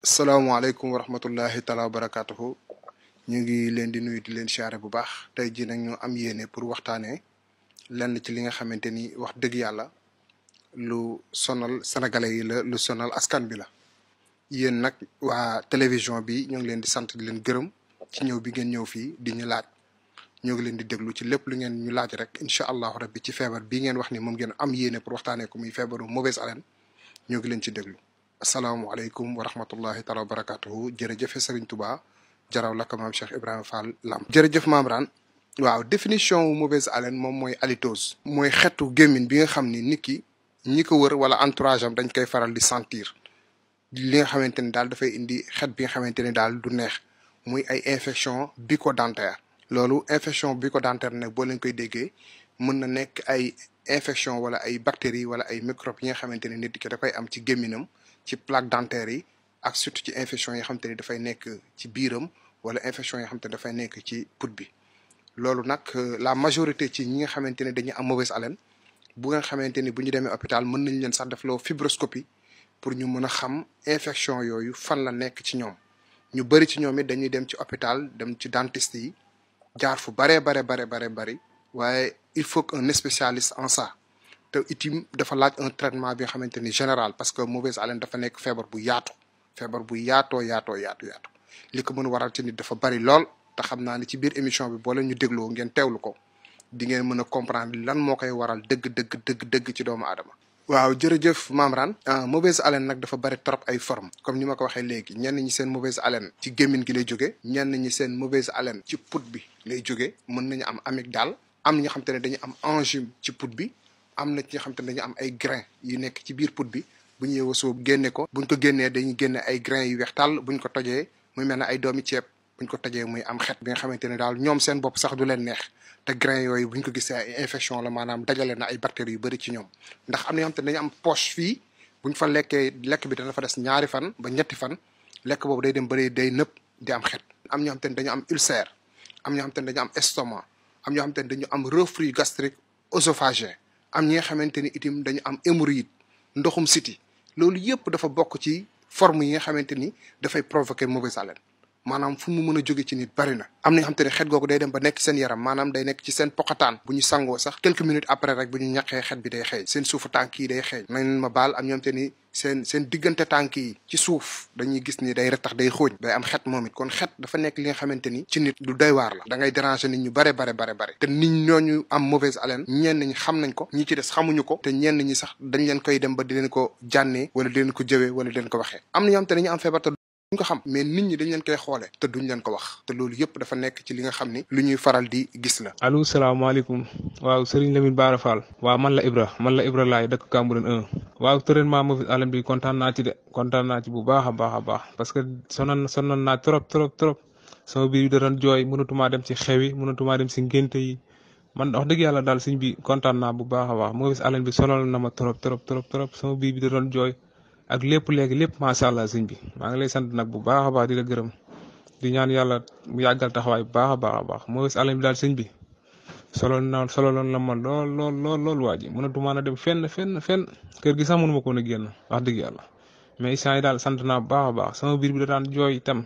salaamaaleykum wa rahmatullahi taala wa barakaatuhu ñu ngi leen di nuyu di leen chaire bu baax tey jii nag ñu am yéene pour waxtaanee lenn ci li nga xamante ni wax dëgg yàlla lu sonal sénégalais yi la lu sonal askan bi la. yeen nag waa télévision bi ñu ngi leen di sant di leen gërëm ci ñëw bi ngeen ñëw fii di ñu laaj ñoo ngi leen di déglu ci lépp lu ngeen ñu laaj rek incha allahu rabbi ci feebar bii ngeen wax ni moom ngeen am yéene pour waxtaanee ko muy feebaru mauvaise haleine ñoo ngi leen ci déglu. السلام عليكم ورحمة الله تعالى وبركاته جرجف سرين توبا جراو لك مام شيخ إبراهيم فال لام جرجف مامران واو ديفينيسيون موفيز الين موم موي اليتوز موي خيتو گيمين بيغا خامني نيكي نيكو وور ولا انتوراجام دنج كاي فارال دي سانتير دي لي خامتيني دال دا فاي اندي خيت بيغا خامتيني دال دو موي اي انفيكسيون بيكو دانتير لولو انفيكسيون بيكو دانتير نك بولين كاي ديغي مون نا اي infection wala ay bactéries wala ay microbes yi nga xamante ne nit ki da koy am ci gémminam ci plaque dentaire yi ak surtout ci infection yoo xamante ni dafay nekk ci biiram wala infection yoo xam ne dafay nekk ci put bi loolu nag euh, la majorité ci ñi nga xamante ne dañuy am mauvaise haleine bu nga xamante ni bu ñu demee hôpital mën nañ leen sax def loo fibroscopie pour ñu mën a xam infection yooyu fan la nekk ci ñoom ñu bëri ci ñoom it dañuy dem ci hôpital dem ci dentiste yi jaar fu baree bare bare bare bëri waaye il faut qu'un spécialiste en ça te itim dafa laaj un traitement bi nga xamante ni général parce que mauvaise haleine dafa nekk feebar bu yaatu feebar bu yaatoo yaatoo yaatu yaatu li ko mën waral ci nit dafa bari lool te xam naa ne ci biir émission bi boole ñu dégloo ngeen teewlu ko di ngeen mën a comprendre lan moo koy waral dëgg dëgg dëgg dëgg ci doomu aadama. waaw jërëjëf Mamran euh, mauvaise haleine nag dafa bari trop ay forme comme ni ma ko waxee léegi ñenn ñi seen mauvaise haleine ci gémmiñ gi lay jóge ñenn ñi seen mauvaise haleine ci put bi lay jóge mën nañu am dal am na ñoo xam ne dañu am enjume ci put bi am na ci ñoo dañu am ay grain yu nekk ci biir put bi bu ñu yeewoo ko buñ ko génnee dañuy génne ay grain yu weex tàll buñ ko tojee muy mel ne ay doomi ceeb buñ ko tojee muy am xet bi nga xamante ne daal ñoom seen bopp sax du leen neex te yooyu buñ ko gisee ay infection la maanaam dajale na ay bactéries yu bëri ci ñoom ndax am na ñoo dañu am poche fii buñ fa lekkee lekk bi dana fa des ñaari fan ba ñetti fan lekk boobu day dem bëri day nëpp di am xet am dañu am ulcère am ñoo xam dañu am estomac am ñoo xamante ni dañu am reflux gastrique œsophagien am ñi nga xamante ni itam dañu am hémorroïde ndoxum siti loolu yëpp dafa bokk ci forme yi nga xamante ni dafay provoquer mauvaise haleine maanaam fu mu mën a jóge ci nit bari na am na ñoo xam te ne xet googu day dem ba nekk seen yaram maanaam day nekk ci seen pokataan bu ñu sangoo sax quelques minutes après rek bu ñu ñaqee xet bi day xeeñ seen suufu tànk ñoo xam te ni seen diggante tànk yi ci suuf dañuy gis ni day retax day xóoñ day am xet moom it kon xet dafa nekk li nga xamante ni ci nit lu doy waar la da ngay déranger nit ñu bare bare bare bare te nit ñooñu am mauvaise haleine ñenn ñi xam nañ ko ñi ci des xamuñu ko te ñenn ñi sax dañ leen koy dem ba di leen ko jànnee wala den leen ko jëwee wala di leen waxee am na xam te am feebar duñ ko xam mais nit ñi dañ leen koy xoole te duñ leen ko wax te loolu yëpp dafa nekk ci li nga xam ni lu ñuy faral di gis la allo salaamaaleykum waaw Serigne Lamine Bara Fall waaw man la Ibra man la Ibra laay dëkk Cambérène waaw traitement Mouride Alam bi kontaan naa ci de kontaan naa ci bu baax a baax baax parce que sonoon sonoon naa trop trop trop sama biir bi da doon jooy mënatumaa dem ci xew yi mënatumaa dem si ngénte yi man wax dëgg yàlla daal suñ bi kontaan naa bu baax a baax Mouride Alam bi sonal na ma trop trop trop trop sama biir bi da doon jooy ak lépp léegi lépp macha allah sëñ bi maa ngi lay sant bu baax a baax mu yàggal taxawaay bu baax a a baax Mawees Alam bi daal sëñ bi solo na solo loon la ma lool lool lool lool waa ji mënatu maa na dem fenn fenn fenn kër gi sax mënu ma ko a génn wax dëgg yàlla mais instant daal sant naa bu baax a baax sama biir bi da daan jooy itam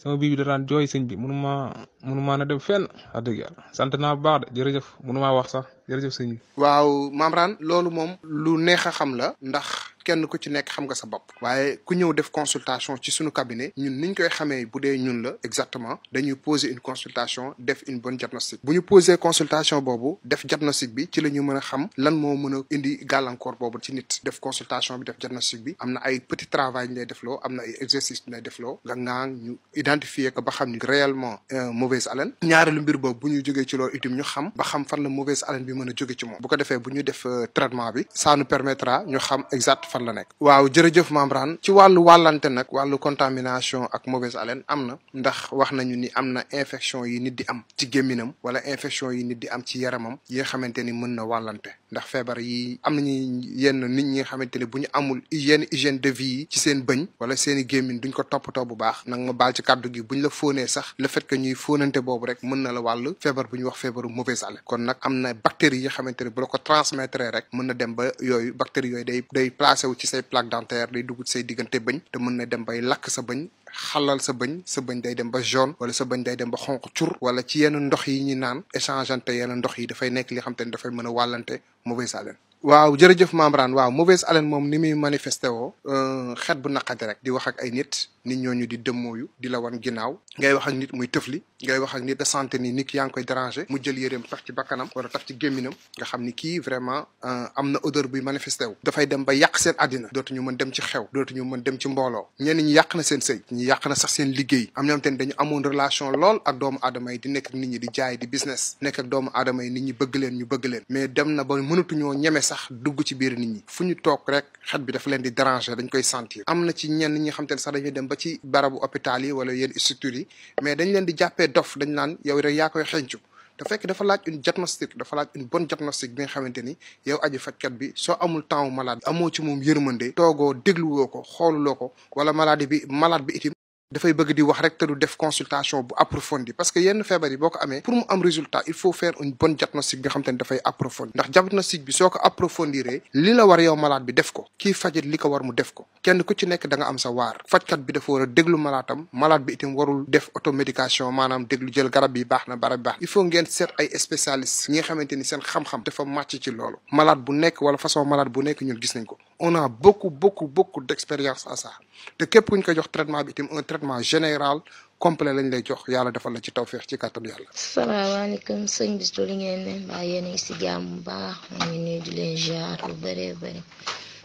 sama biir bi da daan jooy sëñ bi mënu maa mënu maa na dem fenn wax dëgg sant naa bu baax de jërëjëf mënu maa wax sax jërëjëf sëñ bi. waaw Mame Rane loolu moom. lu neex a xam la ndax. kenn ku ci nekk xam nga sa bopp waaye ku ñëw def consultation ci suñu cabinet ñun niñ koy xamee bu dee ñun la exactement dañuy poser une consultation def une bonne diagnostic bu ñu poser consultation boobu def diagnostic bi ci la ñu mën a xam lan moo mën a indi gàllankoor boobu ci nit def consultation bi def diagnostic bi am na ay petit travail ñu lay def loo am na ay exercice ñu lay def loo nga ngaan ñu identifier ko ba xam ni réellement euh, mauvaise haleine ñaareelu mbir boobu bu ñu jógee ci loolu itam ñu xam ba xam fan la mauvaise haleine bi mën a jóge ci moom bu ko defee bu ñu def euh, traitement bi ça nous permettra ñu xam exact fan la nekk waaw jërëjëf membran ci wàllu wàllante nag wàllu contamination ak mauvaise haleine am na ndax wax nañu ni am na infection yi nit di am ci gémminam wala infection yi nit di am ci yaramam yi nga xamante ni mën na wàllante ndax feebar yi am nañu yenn nit ñi nga xamante ne bu ñu amul yenn hygiène de yi ci seen bëñ wala seen i gémmiñ duñ ko toppatoo bu baax nag ma baal ci kàddu gi buñ la foonee sax le fait que ñuy fóonante boobu rek mën na la wàll feebar bu ñu wax feebaru mauvaise haleine kon nag am na bactéries yi nga xamante ne bu la ko transmettre rek mën na dem ba yooyu bactéries yooyu day day placé wu ci say plaque dentaire day dugg ci say diggante bëñ te mën na dem bay lakk sa bëñ xalal sa bëñ sa bëñ day dem ba jaune wala sa bëñ day dem ba xonq cur wala ci yenn ndox yi ñuy naan échangeante yenn ndox yi dafay nekk li xam te ne dafay mën a wàllante mauvaise haleine waaw jërëjëf Membrane waaw mauvaise haleine moom ni muy manifesté woo euh, xet bu naqadi rek di wax ak ay nit nit ñooñu di dem dëmmooyu di la wan ginnaaw ngay wax ak nit muy tëfli nga wax ak nit nga sentir ni nit yaa ngi koy déranger mu jël yéreem taf ci bakkanam wala taf ci gémminam nga xam ni kii vraiment euh, am na odeur buy manifesté wu dafay dem ba yàq seen àddina dootuñu mën dem ci xew dootuñu mën dem ci mbooloo ñenn ñi yàq na seen sëy ñi yàq na sax seen liggéey am ñoom tamit dañu amoon relation lool ak doomu aadama yi di nekk nit ñi di jaay di business nekk ak doomu aadama yi ñi bëgg leen ñu bëgg leen mais dem na ba mënatuñoo ñeme sax dugg ci biir nit ñi fu ñu toog rek xet bi dafa leen di déranger dañ koy sentir am na ci ñenn ñi xam te ne sax dañuy dem ba ci barabu hôpital yi wala yenn structures yi mais dañ leen di jàppee dof dañ naan yow rek yaa koy xencu te fekk dafa laaj une diagnostic dafa laaj une bonne diagnostic bi nga xamante ni yow aji fajkat bi soo amul temps malade amoo ci moom yërmande toogoo dégluwoo ko wala malade bi malade dafay bëgg di wax rek te du def consultation bu approfondie parce que yenn feebar yi boo ko amee pour mu am résultat il faut faire une bonne diagnostic nga xam te ne dafay approfondi ndax diagnostic bi soo ko approfondiree li la war yow malade bi def ko kii fajit li ko war mu def ko kenn ku ci nekk da nga am sa waar fajkat bi dafa war a déglu malaatam malade bi itam warul def automédication maanaam déglu jël garab bi baax na barab baax il faut ngeen seet ay spécialistes ñi nga xamante ni seen xam-xam dafa màcc ci loolu malade bu nekk wala façon malade bu nekk ñun gis nañ ko on a beaucoup beaucoup beaucoup d'expérience à ça te képp kuñ ko jox traitement bi itam traitement général complet lañ lay jox yàlla defal la ci tawféex ci kàttanu yàlla. salaamaaleykum sëñ bi du li ngeen ne mbaa yéen a ngi si jàmm bu baax ma ngi nuyu di leen jaar lu bëree bëri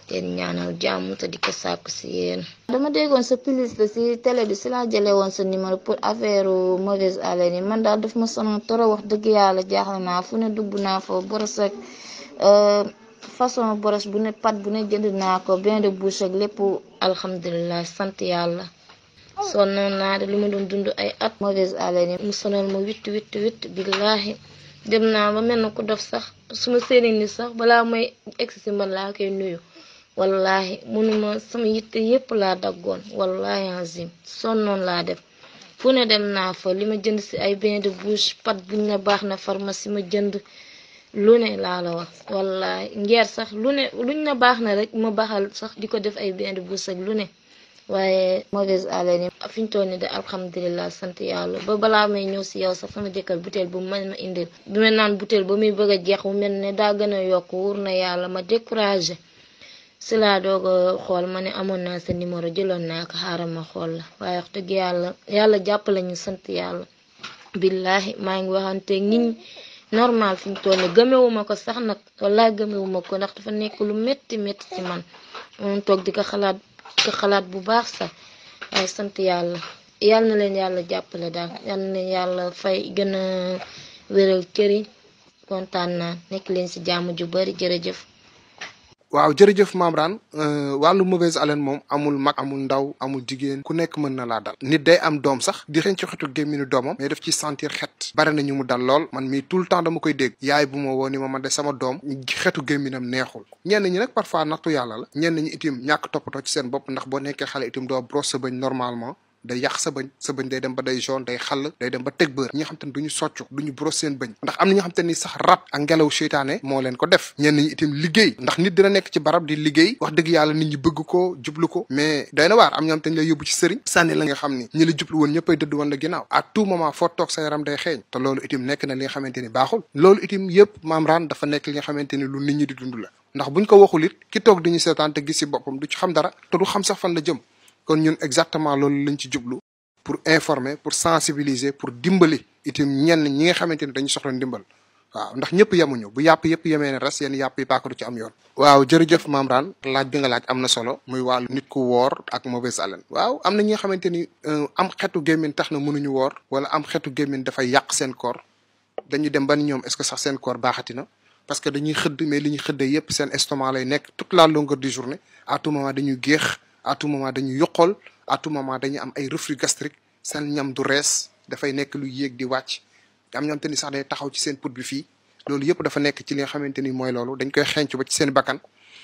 leen ñaanal jàmm te di ko sàkku si yéen. dama déggoon sa publicité si télé bi si laa jëlee woon sa numéro pour affaire mauvaise haleine yi man daal def ma sonal trop wax dëgg yàlla jaaxle naa fu ne dugg naa fa boros ak euh, façon boros bu ne pat bu ne jënd naa ko bain de bouche ak lépp alhamdulilah sant yàlla. sonnoon naa de lu ma doon dund ay at mauvaise haleine mu ma witt witt witt billaahi dem naa ba mel na ku dof sax su ma seeni ni balaa may egsi si man laa koy nuyu mënuma sama yitte yépp laa daggoon wallaahi azim sonnoon laa def fu ne dem naa fa li ma jënd si ay bain de bouche pat buñ ne baax na pharmacie ma jënd lu ne laa la wax wallaahi ngeer sax lu ne luñ na baax na rek ma baaxal sax di ko def ay bain de ak lu ne waaye mauvaise haleine ni fi ñu toll nii de alhamdulilah sant yàlla ba balaa may ñëw si yow sax sama jëkkër butéel bu man ma indil bi ma naan butéel ba muy bëgg a jeex bu mel ne daa gën a yokk wóor na yàlla ma découragé si laa doog a xool ma ne amoon naa sa numéro jëloon naa ko xaaral ma xool la waaye wax dëgg yàlla yàlla jàppale ñu sant yàlla billahi maa ngi waxante nit normal fi ñu toll gëmewuma ko sax nag wallaahi gëmewuma ko ndax dafa nekk lu métti métti ci ko xalaat bu baax sax waaye sant yàlla yàlla leen yàlla jàppale daal yàlla na leen yàlla fay gën a wéral cëri kontaan naa nekk leen si jàmm ju bari jërëjëf. waaw jërëjëf Mame Rane euh, wàllu mauvaise haleine moom amul mag amul ndaw amul jigéen ku nekk mën na laa dal nit day am doom sax di xeeñ ci xetu gémmiñu doomam mais daf ci sentir xet bare na ñu mu dal lool man mi tout le temps dama koy dég yaay bu ma woo ni ma man de sama doom xetu gémminam neexul ñenn ñi nag parfois nattu yàlla la ñenn ñi itim ñàkk toppatoo ci seen bopp ndax boo nekkee xale itim doo brosse bañ normalement day yak sa bañ sa bañ day dem ba day jaune day xal day dem ba tek beur ñi xamanteni duñu soccu duñu bros seen bañ ndax am na ñoo xam sax rab ak ngelaw sheytane mo leen ko def ñen ñi itim liggey ndax nit dina nek ci barab di liggey wax deug yalla nit ñi bëgg ko jublu ko mais day na war am ñoo xam lay yóbbu ci sëriñ sané la nga xamni ñi la jublu won ñëppay dëdd won la ginaaw à tout moment fo tok sa yaram day xéñ te loolu itim nek na li nga xamanteni baxul loolu itim yépp maam dafa nek li nga xamanteni lu nit ñi di dund ndax buñ ko waxulit ki tok diñu sétante gis ci bopam du ci xam dara te du xam sax fan la jëm kon ñun exactement loolu lañ ci jublu pour informer pour sensibiliser pour dimbali itam ñenn ñi nga xamante ni dañu soxla ndimbal waaw ndax ñëpp yemuñu bu yàpp yëpp yemee ne res yéen yàpp yi paaka du ci am yoon. waaw jërëjëf mamran Rane laaj bi nga laaj am na solo muy wàllu nit ku woor ak mauvaise haleine waaw am na ñi nga xamante ni euh, am xetu gémmiñ tax na mënuñu woor wala am xetu gémmiñ dafay yàq seen koor dañu dem ba ni ñoom est-ce que sax seen koor baaxati na parce que dañuy xëdd mais li ñu xëddee yépp seen estomac lay nekk toute la longueur du journée à tout moment dañuy géex à tout moment dañuy yokol à tout moment dañuy am ay reflux gastrique sen ñam du res fay nek lu yegg di wacc am ñam tane sax day taxaw ci sen put bi fii loolu yëpp dafa nek ci li nga xamante ni mooy dañ koy xencu ba ci sen bakan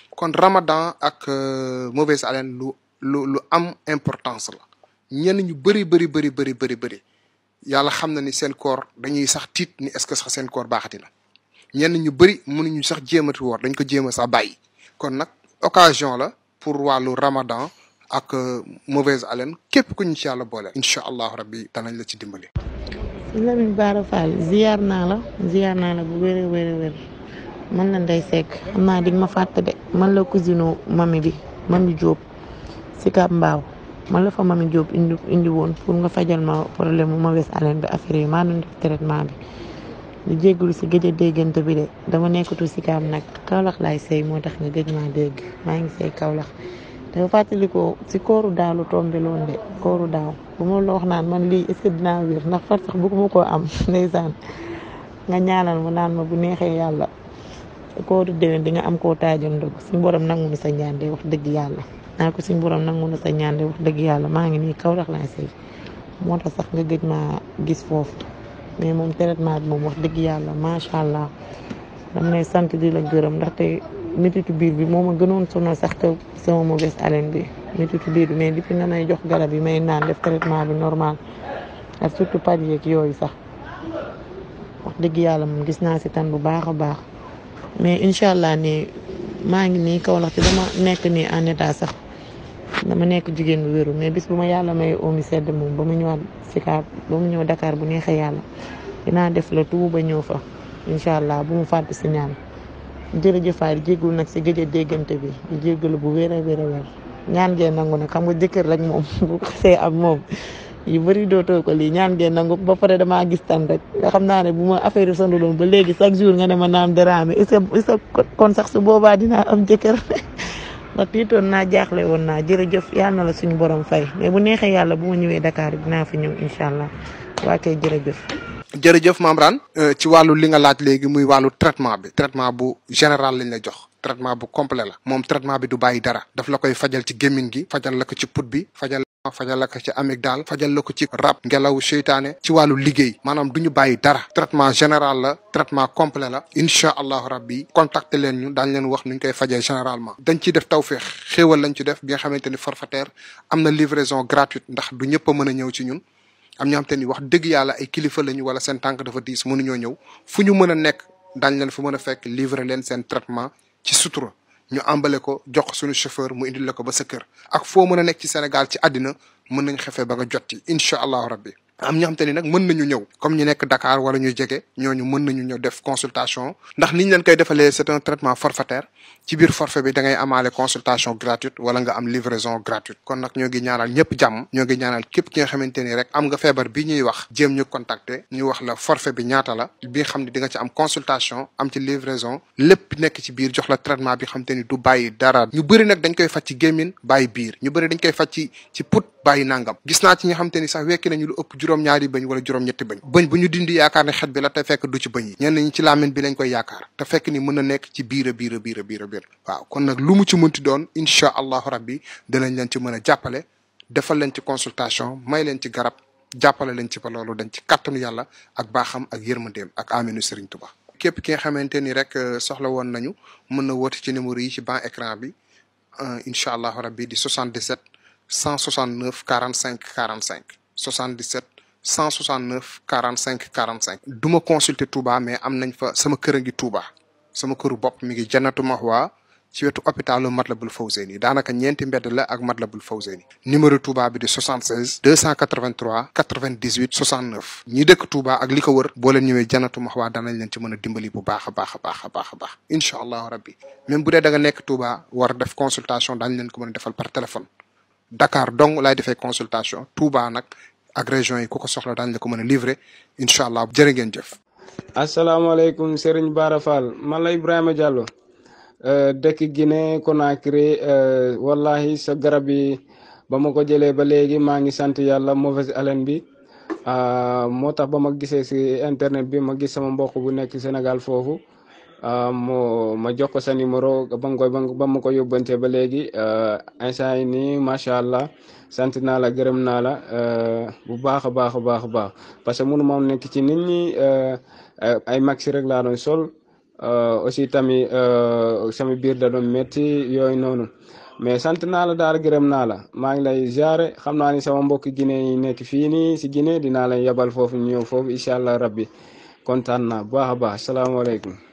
kon ramadan ak euh, mauvaise haleine lu lu lu am importance la ñen ñu bëri bëri bëri bëri bëri bëri yalla xamna ni sen koor dañuy sax tit ni est ce que sax sen koor baxati na ñen ñu bëri ñu sax jëmatu wor dañ ko jëma sax bayyi kon nak occasion la pour wàllu ramadan ak euh, mauvaise haleine képp ku ñu ci yàlla boole. incha allah rabbi danañ la ci dimbali. Lamine Bara Fall ziar naa la ziar naa la bu wér a wér a wér man la Ndeye Seck xam naa di ma fàtte de man la cousine mami bi mami Diop si Kab Mbaaw man la fa mami Diop indi indi woon pour nga fajal ma problème mu mauvaise haleine bi affaire yi maa traitement bi. di jéggul si gëj a déggante bi de dama nekkatu si kaam nag Kaolack laay sëy moo tax nga gëj maa dégg maa ngi sëy Kaolack dafa fàttalikoo si kooru daaw lu tombé loon kooru daaw bu la wax naan man lii est ce que dinaa sax bëgguma koo am ndeysaan nga ñaanal mu naan ma bu neexee yàlla kooru déwén di nga am koo taajal ndog suñu borom nangu sa ñaan de dëgg yàlla naa suñu borom nangu na sa ñaan dëgg yàlla maa ngi nii Kaolack laay sëy moo tax sax nga gëj maa gis foofu mais moom traitement bi moom wax dëgg yàlla macha allah dam lay sant di la gërëm ndaxte métitu biir bi moo ma gënoon sonal sax que sama mauvaise haleine bi métitu biir bi mais depuis nga may jox garab yi may naan def traitement bi normal ak surtout paj yeeg yooyu sax wax dëgg yàlla moom gis naa si tan bu baax a baax mais incha allah nii maa ngi nii kaw ndaxte dama nekk nii en sax dama nekk jigéen bu wéru mais bis bu ma yàlla may omi sedd moom ba mu ñëwaat Sicap ba mu ñëw Dakar bu neexee yàlla dinaa def la tout ba ñëw fa incha allah bu mu fàtte si ñaan jërëjëf Faye jéggul nag si gëj a déggante bi di bu wér a a ñaan ngeen nangu nag xam nga jëkkër rek moom bu xasee am moom yu bëri dootoo ko lii ñaan ngeen nangu ba pare damaa gis tan rek xam naa ne bu ma affaire sonaloon ba léegi chaque jour nga ne ma naam daraame est-ce kon sax su boobaa dinaa am jëkkër ndax tiitoon naa jaaxle woon naa jërëjëf yal na la suñu borom fay mais bu neexee yàlla bu ma ñëwee Dakar naa fi ñëw incha allah waa kay jërëjëf. jërëjëf Mame Rane euh, ci wàllu li nga laaj léegi muy wàllu traitement bi traitement bu général lañ la jox traitement bu complet la moom traitement bi du bàyyi dara daf la koy fajal ci gémmiñ gi fajal la ko ci put bi fajal fajal la ko ci amygdale fajal la ko ci rab ngelaw seytaane ci wàllu liggéey maanaam du ñu bàyyi dara traitement général la traitement complet la incha allahu rabbi contacter leen ñun daañ leen wax nu ñu koy fajee généralement dañ ciy def tawféex xéewal lañ ci def bi nga xamante ni forfaitaire am na livraison gratuite ndax du ñëpp a mën a ñëw ci ñun am ñoo xam te wax dëgg yàlla ay kilifa lañu wala seen tànk dafa diis mënuñoo ñëw fu ñu mën a nekk daañ leen fu mën a fekk livrer leen seen traitement ci sutura ñu emballé ko jox ko suñu chauffeur mu indil la ko ba sa kër ak foo mën a nekk ci Sénégal ci àddina mën nañ xefee ba nga jot ci incha allahu rabbi am ñoo xam ni nag mën nañu ñëw comme ñu nekk Dakar wala ñu jege ñooñu mën nañu ñëw def consultation ndax niñ leen koy defalee c'est un traitement forfaitaire ci biir forfait bi da ngay amaale consultation gratuite wala nga am livraison gratuite kon nag ñoo ngi ñaanal ñëpp jàmm ñoo ngi ñaanal képp ki nga xamante ni rek am nga feebar bi ñuy wax jéem ñu contacter ñu wax la forfait bi ñaata la bi nga xam ne di nga ci am consultation am ci livraison lépp nekk ci biir jox la traitement bi xam ni du bàyyi dara ñu bëri nag dañ koy faj ci gémmin bàyyi biir ñu bëri dañ koy faj ci ci put bàyyi nangam gis naa ci ñi xam te ni sax wekki nañu lu ëpp juróom-ñaari bëñ wala juróom-ñetti bëñ bu ñu dindi yaakaar ne xet bi la te fekk du ci bëñ yi ñenn ñi ci làmmiñ bi lañ koy yaakaar te fekk ni mën a nekk ci biir a biir a biir a waaw kon nag lu mu ci ti doon incha allahu rabbi danañ leen ci mën a jàppale defal leen ci consultation may leen ci garab jàppale leen ci ba loolu dañ ci kàttanu yàlla ak baaxam ak yërmandeem ak aminu Serigne Touba képp ki nga xamante ni rek euh, soxla woon nañu mën na woote ci numéro yi ci ban écran bi euh, incha allahu rabbi di 77 169 45 45 77 169 45 45. Douma me consulter Touba mais am nañ fa sama kër ngi Touba sama këru bop mi ngi Jannatu Mahwa ci wetu hôpitalu Matlaboul fawzeni danaka ñenti mbedd la ak fawzeni numéro Touba bi de 76 283 98 69 ñi dëkk Touba ak liko wër bo leen ñëwee Jannatu Mahwa danañ leen ci mëna dimbali bu baax rabbi même bu dé da nga nekk Touba consultation daañu leen ko mëna par téléphone Dakar dong laay defee consultation Touba nag ak yi ku ko soxla daañu la ko mën a livrer incha allah jërë ngeen jëf. asalaamaaleykum Serigne Bara Fall man la Ibrahima Diallo euh, dëkk Guinée Conakry euh, wallahi sa garab yi ba ma ko jëlee ba léegi maa ngi sant yàlla mauvaise haleine bi euh, moo tax ba ma gisee si internet bi ma gis sama mbokk bu nekk Sénégal foofu. Ah, mo ma jox ko sa numéro ba mu koy ba ma ko yóbbante ba léegi ah, instant yi nii macha allah sant naa la gërëm naa la ah, bu baax a baax baax baax parce que mënu ma nekk ci nit ñi ay maxi rek laa doon sol aussi tamit sama biir da doon métti yooyu noonu mais sant naa la daal gërëm naa la maa ngi lay jaare xam naa ni sama mbokk Guinée yi nekk fii nii si Guinée dinaa lay yabal foofu ñëw foofu incha allah rabbi kontaan naa bu baax a baax salaamaaleykum.